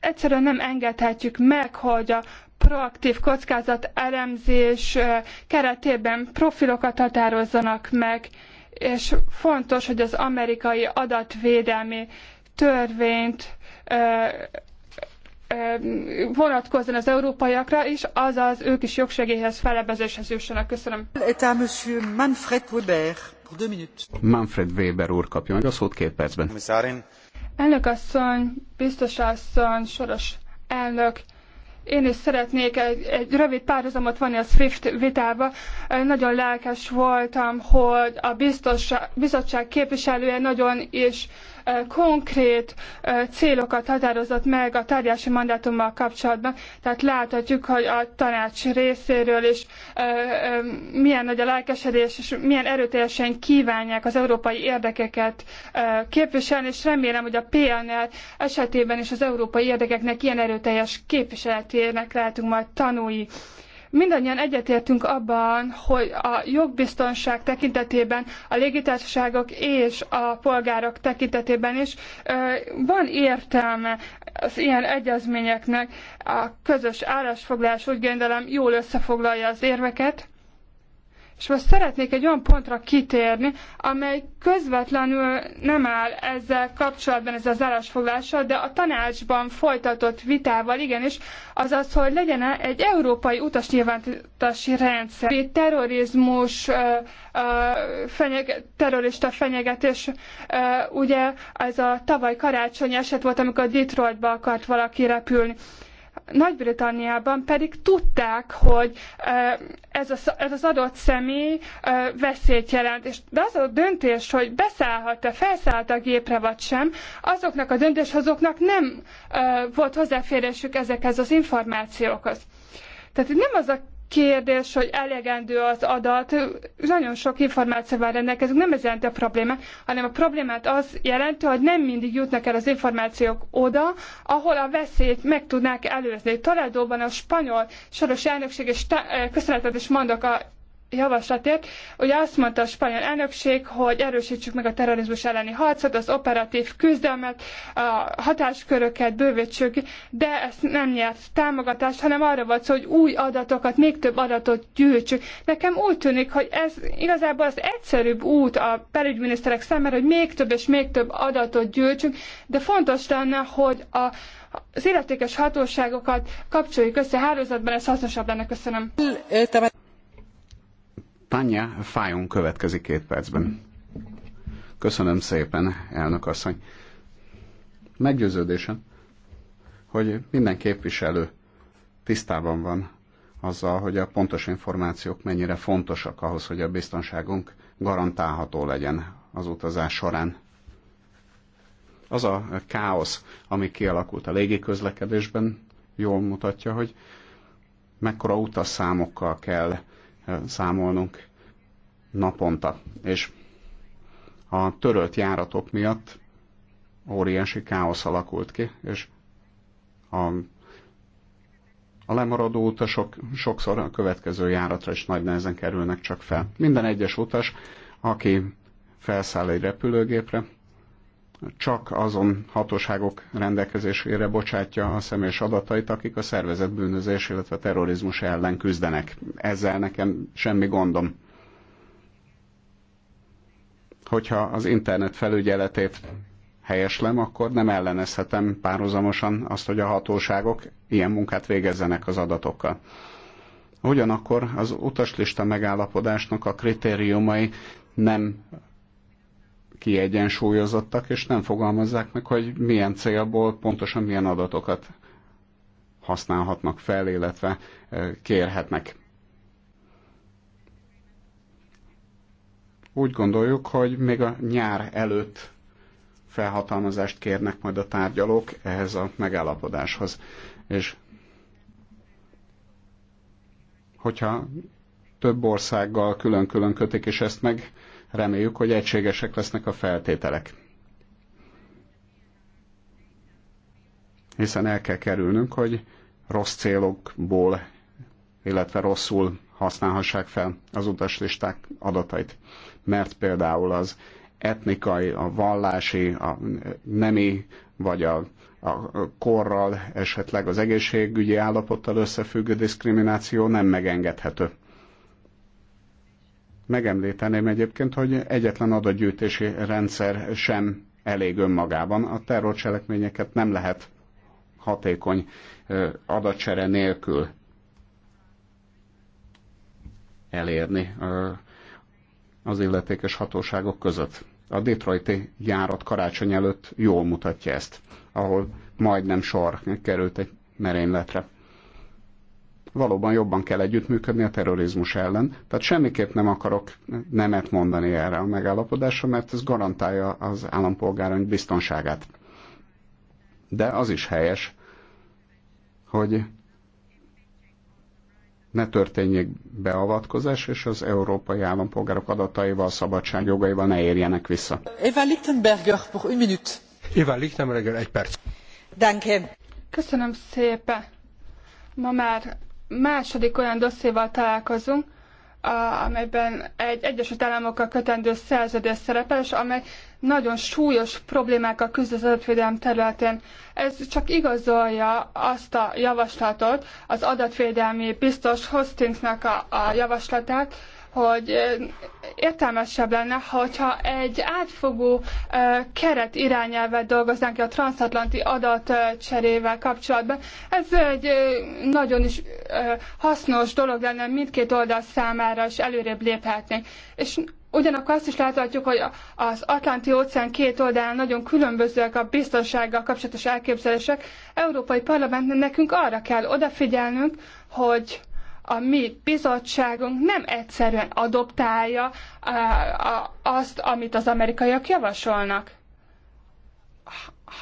egyszerűen nem engedhetjük meg, hogy a proaktív kockázat elemzés keretében profilokat határozzanak meg, és fontos, hogy az amerikai adatvédelmi törvényt vonatkozzon az európaiakra is, azaz ők is jogsegélyhez, felebezéshez jussanak. Köszönöm. Manfred Weber,
Manfred Weber úr kapja meg a szót két percben.
Elnök asszony, biztos asszony, soros elnök, én is szeretnék egy, egy rövid párhuzamot vonni a SWIFT vitába. Nagyon lelkes voltam, hogy a biztos, bizottság képviselője nagyon is konkrét célokat határozott meg a tárgyási mandátummal kapcsolatban, tehát láthatjuk, hogy a tanács részéről is milyen nagy a lelkesedés, és milyen erőteljesen kívánják az európai érdekeket képviselni, és remélem, hogy a PNR esetében is az európai érdekeknek ilyen erőteljes képviseletének lehetünk majd tanúi. Mindannyian egyetértünk abban, hogy a jogbiztonság tekintetében, a légitársaságok és a polgárok tekintetében is van értelme az ilyen egyezményeknek. A közös állásfoglalás úgy gondolom jól összefoglalja az érveket és most szeretnék egy olyan pontra kitérni, amely közvetlenül nem áll ezzel kapcsolatban, ez az állásfoglással, de a tanácsban folytatott vitával igenis, azaz, hogy legyen -e egy európai utasnyilvántási rendszer, egy terrorizmus, fenyeg, terrorista fenyegetés, ugye ez a tavaly karácsony eset volt, amikor Detroitba akart valaki repülni. Nagy-Britanniában pedig tudták, hogy ez, ez az adott személy veszélyt jelent. És de az a döntés, hogy beszállhat-e, felszállt a gépre vagy sem, azoknak a döntéshozóknak nem volt hozzáférésük ezekhez az információkhoz. Tehát itt nem az a kérdés, hogy elegendő az adat, nagyon sok információ van rendelkezünk, nem ez jelenti a problémát, hanem a problémát az jelenti, hogy nem mindig jutnak el az információk oda, ahol a veszélyt meg tudnák előzni. Toledóban a spanyol soros elnökség, és eh, köszönetet is mondok a javaslatért. Ugye azt mondta a spanyol elnökség, hogy erősítsük meg a terrorizmus elleni harcot, az operatív küzdelmet, a hatásköröket bővítsük, de ezt nem nyert támogatást, hanem arra volt szó, hogy új adatokat, még több adatot gyűjtsük. Nekem úgy tűnik, hogy ez igazából az egyszerűbb út a belügyminiszterek számára, hogy még több és még több adatot gyűjtsünk, de fontos lenne, hogy a az illetékes hatóságokat kapcsoljuk össze hálózatban, ez hasznosabb lenne. Köszönöm.
Tanya Fájon következik két percben. Köszönöm szépen, elnök asszony. Meggyőződésem, hogy minden képviselő tisztában van azzal, hogy a pontos információk mennyire fontosak ahhoz, hogy a biztonságunk garantálható legyen az utazás során. Az a káosz, ami kialakult a légiközlekedésben, jól mutatja, hogy mekkora utasszámokkal kell számolnunk naponta. És a törölt járatok miatt óriási káosz alakult ki, és a, a lemaradó utasok sokszor a következő járatra is nagy nehezen kerülnek csak fel. Minden egyes utas, aki felszáll egy repülőgépre, csak azon hatóságok rendelkezésére bocsátja a személyes adatait, akik a szervezet bűnözés, illetve a terrorizmus ellen küzdenek. Ezzel nekem semmi gondom. Hogyha az internet felügyeletét helyeslem, akkor nem ellenezhetem párhuzamosan azt, hogy a hatóságok ilyen munkát végezzenek az adatokkal. Ugyanakkor az utaslista megállapodásnak a kritériumai nem kiegyensúlyozottak, és nem fogalmazzák meg, hogy milyen célból pontosan milyen adatokat használhatnak fel, illetve kérhetnek. Úgy gondoljuk, hogy még a nyár előtt felhatalmazást kérnek majd a tárgyalók ehhez a megállapodáshoz. És hogyha több országgal külön-külön kötik, és ezt meg Reméljük, hogy egységesek lesznek a feltételek. Hiszen el kell kerülnünk, hogy rossz célokból, illetve rosszul használhassák fel az utaslisták adatait. Mert például az etnikai, a vallási, a nemi, vagy a, a korral, esetleg az egészségügyi állapottal összefüggő diszkrimináció nem megengedhető. Megemlíteném egyébként, hogy egyetlen adatgyűjtési rendszer sem elég önmagában. A terrorcselekményeket nem lehet hatékony adatsere nélkül elérni az illetékes hatóságok között. A detroiti járat karácsony előtt jól mutatja ezt, ahol majdnem sor került egy merényletre valóban jobban kell együttműködni a terrorizmus ellen. Tehát semmiképp nem akarok nemet mondani erre a megállapodásra, mert ez garantálja az állampolgáraink biztonságát. De az is helyes, hogy ne történjék beavatkozás, és az európai állampolgárok adataival, szabadságjogaival ne érjenek vissza.
Eva Lichtenberger, pour une minut.
Eva Lichtenberger, egy perc.
Danke. Köszönöm szépen. Ma már második olyan dosszéval találkozunk, amelyben egy Egyesült Államokkal kötendő szerződés szerepel, és amely nagyon súlyos problémákkal küzd az adatvédelem területén. Ez csak igazolja azt a javaslatot, az adatvédelmi biztos hostingnak a, a javaslatát, hogy értelmesebb lenne, hogyha egy átfogó keret irányelvet dolgoznánk ki a transatlanti adatcserével kapcsolatban. Ez egy nagyon is hasznos dolog lenne mindkét oldal számára, és előrébb léphetnénk. És Ugyanakkor azt is láthatjuk, hogy az Atlanti óceán két oldalán nagyon különbözőek a biztonsággal kapcsolatos elképzelések. Európai Parlamentnek nekünk arra kell odafigyelnünk, hogy a mi bizottságunk nem egyszerűen adoptálja azt, amit az amerikaiak javasolnak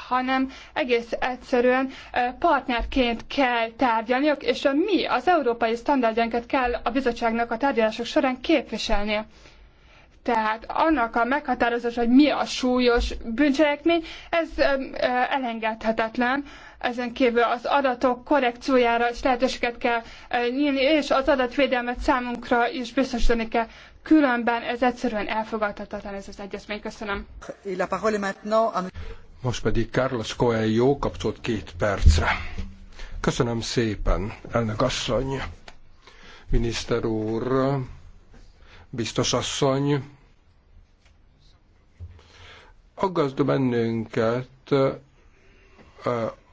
hanem egész egyszerűen partnerként kell tárgyalniuk, és a mi, az európai standardjainkat kell a bizottságnak a tárgyalások során képviselnie. Tehát annak a meghatározása, hogy mi a súlyos bűncselekmény, ez elengedhetetlen ezen kívül az adatok korrekciójára is lehetőséget kell nyílni, és az adatvédelmet számunkra is biztosítani kell. Különben ez egyszerűen elfogadhatatlan ez az egyezmény. Köszönöm.
Most pedig Carlos Coelho kapcsolt két percre. Köszönöm szépen, elnök asszony, miniszter úr, biztos asszony. Aggasd bennünket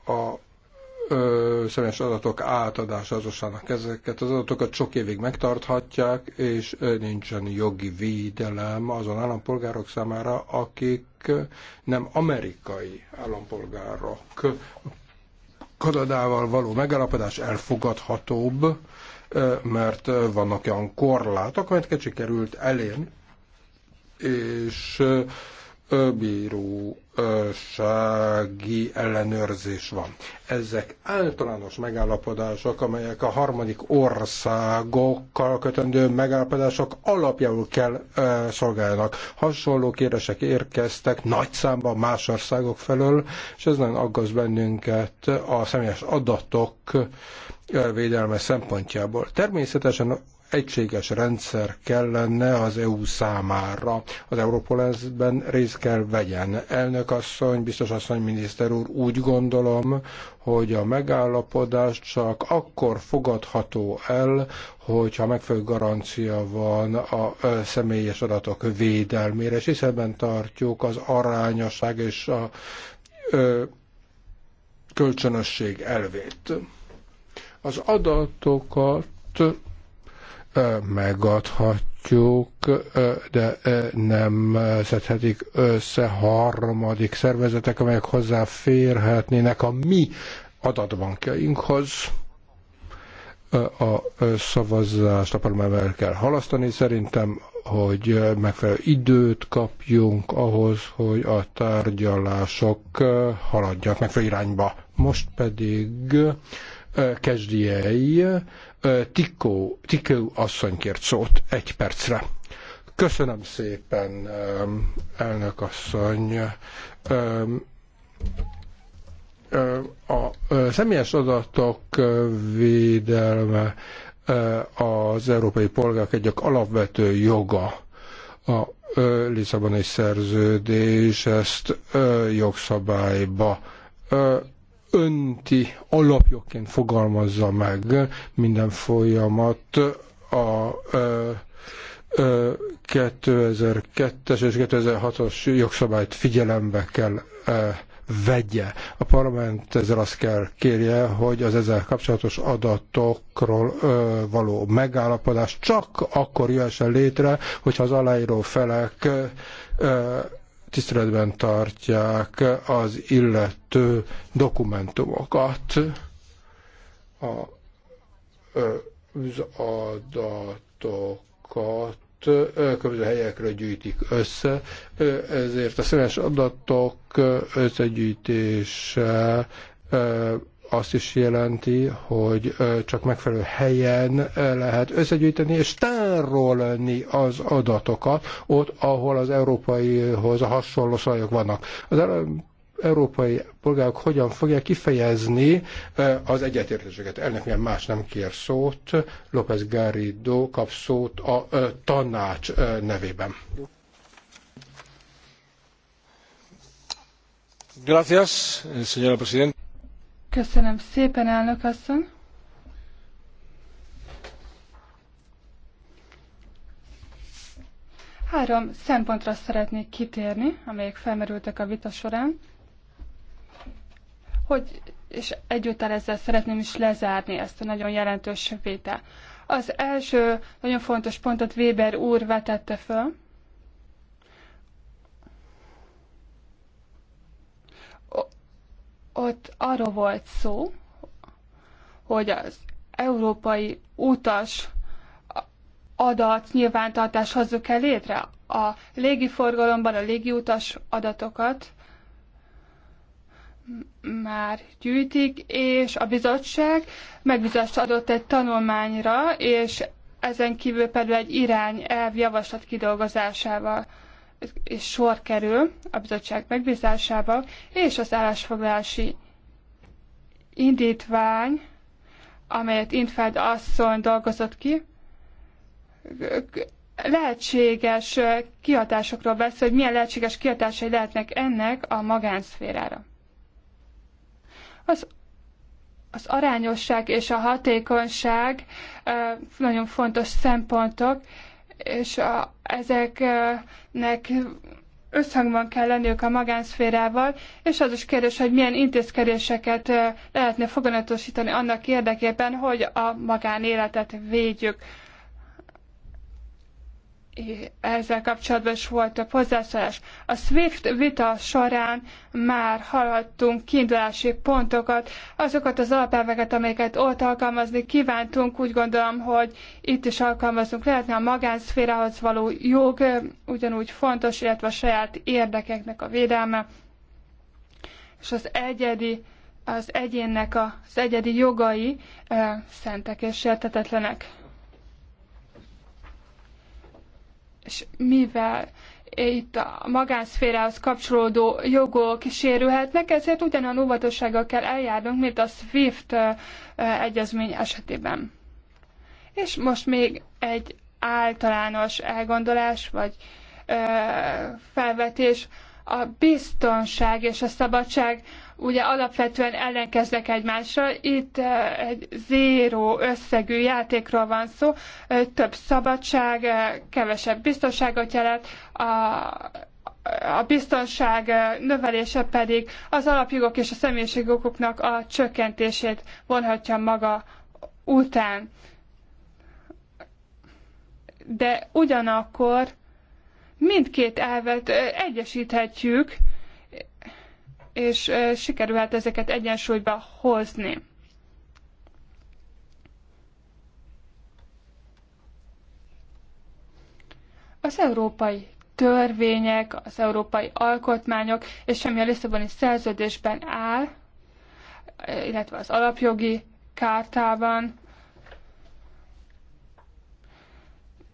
a személyes adatok átadása azosának ezeket az adatokat sok évig megtarthatják, és nincsen jogi védelem azon állampolgárok számára, akik nem amerikai állampolgárok. Kanadával való megállapodás elfogadhatóbb, mert vannak olyan korlátok, amelyeket sikerült elén, és bíró biztonsági ellenőrzés van. Ezek általános megállapodások, amelyek a harmadik országokkal kötendő megállapodások alapjául kell ö, szolgáljanak. Hasonló kérdések érkeztek nagy számban más országok felől, és ez nagyon aggaszt bennünket a személyes adatok védelme szempontjából. Természetesen egységes rendszer kellene az EU számára. Az Europol ezben részt kell vegyen. Elnök asszony, biztos asszony, miniszter úr, úgy gondolom, hogy a megállapodás csak akkor fogadható el, hogyha megfelelő garancia van a személyes adatok védelmére, és hiszen tartjuk az arányosság és a ö, kölcsönösség elvét. Az adatokat megadhatjuk, de nem szedhetik össze harmadik szervezetek, amelyek hozzáférhetnének a mi adatbankjainkhoz. A szavazást a parlamentben kell halasztani szerintem, hogy megfelelő időt kapjunk ahhoz, hogy a tárgyalások haladjanak megfelelő irányba. Most pedig kezdjél Tikó, Tikó asszony kért szót egy percre. Köszönöm szépen, elnök asszony. A személyes adatok védelme az európai polgárok egyik alapvető joga a Lisszaboni szerződés ezt jogszabályba önti alapjaként fogalmazza meg minden folyamat a ö, ö, 2002-es és 2006-os jogszabályt figyelembe kell ö, vegye. A parlament ezzel azt kell kérje, hogy az ezzel kapcsolatos adatokról ö, való megállapodás csak akkor jöhessen létre, hogyha az aláíró felek ö, tiszteletben tartják az illető dokumentumokat, a, az adatokat különböző helyekről gyűjtik össze, ezért a személyes adatok összegyűjtése azt is jelenti, hogy csak megfelelő helyen lehet összegyűjteni és tárolni az adatokat ott, ahol az európaihoz a hasonló szajok vannak. Az európai polgárok hogyan fogják kifejezni az egyetértéseket. Ennek milyen más nem kér szót, López Garrido kap szót a tanács nevében. Gracias, señora presidenta.
Köszönöm szépen, elnök asszony. Három szempontra szeretnék kitérni, amelyek felmerültek a vita során, hogy, és egyúttal ezzel szeretném is lezárni ezt a nagyon jelentős vitát. Az első nagyon fontos pontot Weber úr vetette föl, ott arról volt szó, hogy az európai utas adat nyilvántartás hozzuk el létre. A légiforgalomban a légiutas adatokat már gyűjtik, és a bizottság megbízást adott egy tanulmányra, és ezen kívül pedig egy irányelv javaslat kidolgozásával és sor kerül a bizottság megbízásába, és az állásfoglalási indítvány, amelyet Intfeld asszony dolgozott ki, lehetséges kihatásokról beszél, hogy milyen lehetséges kihatásai lehetnek ennek a magánszférára. Az, az arányosság és a hatékonyság nagyon fontos szempontok, és a, ezeknek összhangban kell lenniük a magánszférával, és az is kérdés, hogy milyen intézkedéseket lehetne foganatosítani annak érdekében, hogy a magánéletet védjük ezzel kapcsolatban is volt a hozzászólás. A SWIFT vita során már hallhattunk kiindulási pontokat, azokat az alapelveket, amelyeket ott alkalmazni kívántunk, úgy gondolom, hogy itt is alkalmazunk lehetne a magánszférához való jog, ugyanúgy fontos, illetve a saját érdekeknek a védelme, és az egyedi az egyénnek az egyedi jogai e, szentek és sértetetlenek. és mivel itt a magánszférához kapcsolódó jogok sérülhetnek, ezért ugyanolyan óvatossággal kell eljárnunk, mint a SWIFT egyezmény esetében. És most még egy általános elgondolás vagy felvetés. A biztonság és a szabadság ugye alapvetően ellenkeznek egymással. Itt egy zéró összegű játékról van szó, több szabadság, kevesebb biztonságot jelent, a, a biztonság növelése pedig az alapjogok és a személyiségokoknak a csökkentését vonhatja maga után. De ugyanakkor mindkét elvet egyesíthetjük, és sikerülhet ezeket egyensúlyba hozni. Az európai törvények, az európai alkotmányok, és ami a Lisszaboni szerződésben áll, illetve az alapjogi kártában,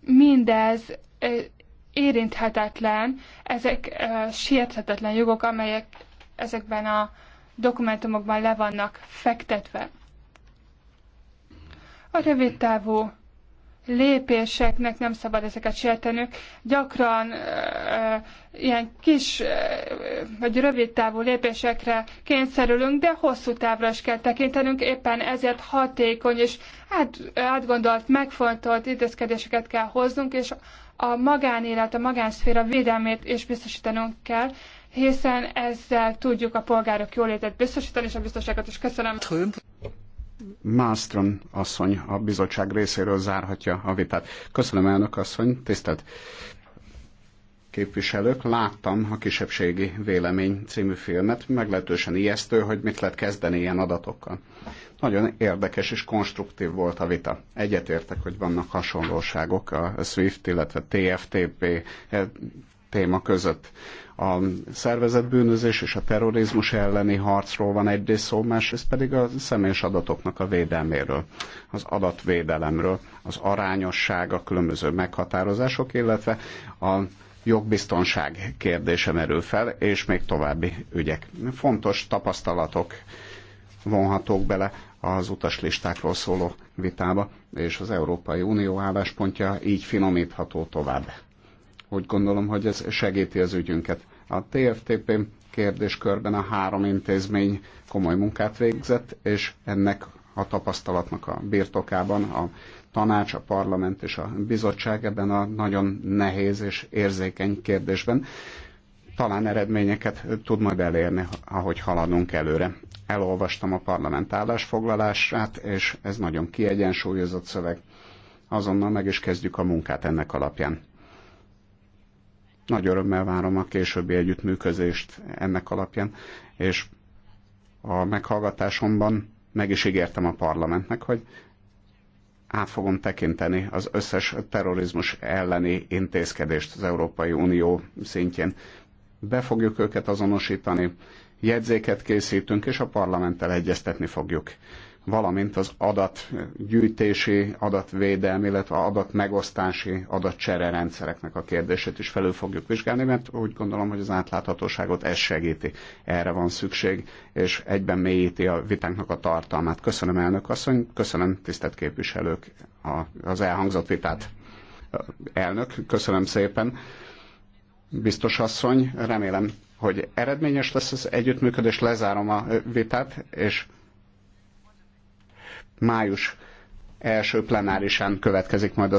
mindez érinthetetlen, ezek sérthetetlen jogok, amelyek ezekben a dokumentumokban le vannak fektetve. A rövid távú lépéseknek nem szabad ezeket sértenünk. Gyakran ö, ö, ilyen kis ö, vagy rövid távú lépésekre kényszerülünk, de hosszú távra is kell tekintenünk, éppen ezért hatékony és át, átgondolt, megfontolt intézkedéseket kell hoznunk, és a magánélet, a magánszféra védelmét is biztosítanunk kell, hiszen ezzel tudjuk a polgárok jólétet biztosítani, és a biztonságot is köszönöm. Trump.
Malmström asszony a bizottság részéről zárhatja a vitát. Köszönöm, elnök asszony, tisztelt képviselők. Láttam a Kisebbségi Vélemény című filmet, meglehetősen ijesztő, hogy mit lehet kezdeni ilyen adatokkal. Nagyon érdekes és konstruktív volt a vita. Egyetértek, hogy vannak hasonlóságok a SWIFT, illetve TFTP eh, téma között a szervezetbűnözés és a terrorizmus elleni harcról van egyrészt szó, másrészt pedig a személyes adatoknak a védelméről, az adatvédelemről, az arányosság, a különböző meghatározások, illetve a jogbiztonság kérdése merül fel, és még további ügyek. Fontos tapasztalatok vonhatók bele az utaslistákról szóló vitába, és az Európai Unió álláspontja így finomítható tovább. Úgy gondolom, hogy ez segíti az ügyünket. A TFTP kérdéskörben a három intézmény komoly munkát végzett, és ennek a tapasztalatnak a birtokában a tanács, a parlament és a bizottság ebben a nagyon nehéz és érzékeny kérdésben talán eredményeket tud majd elérni, ahogy haladunk előre. Elolvastam a parlament állásfoglalását, és ez nagyon kiegyensúlyozott szöveg. Azonnal meg is kezdjük a munkát ennek alapján. Nagy örömmel várom a későbbi együttműködést ennek alapján, és a meghallgatásomban meg is ígértem a parlamentnek, hogy át fogom tekinteni az összes terrorizmus elleni intézkedést az Európai Unió szintjén. Be fogjuk őket azonosítani, jegyzéket készítünk, és a parlamenttel egyeztetni fogjuk valamint az adatgyűjtési, adatvédelmi, illetve adatmegosztási, adatcsere rendszereknek a kérdését is felül fogjuk vizsgálni, mert úgy gondolom, hogy az átláthatóságot ez segíti. Erre van szükség, és egyben mélyíti a vitánknak a tartalmát. Köszönöm elnök asszony, köszönöm tisztelt képviselők az elhangzott vitát. Elnök, köszönöm szépen. Biztos asszony, remélem, hogy eredményes lesz az együttműködés, lezárom a vitát, és május első plenárisán következik majd a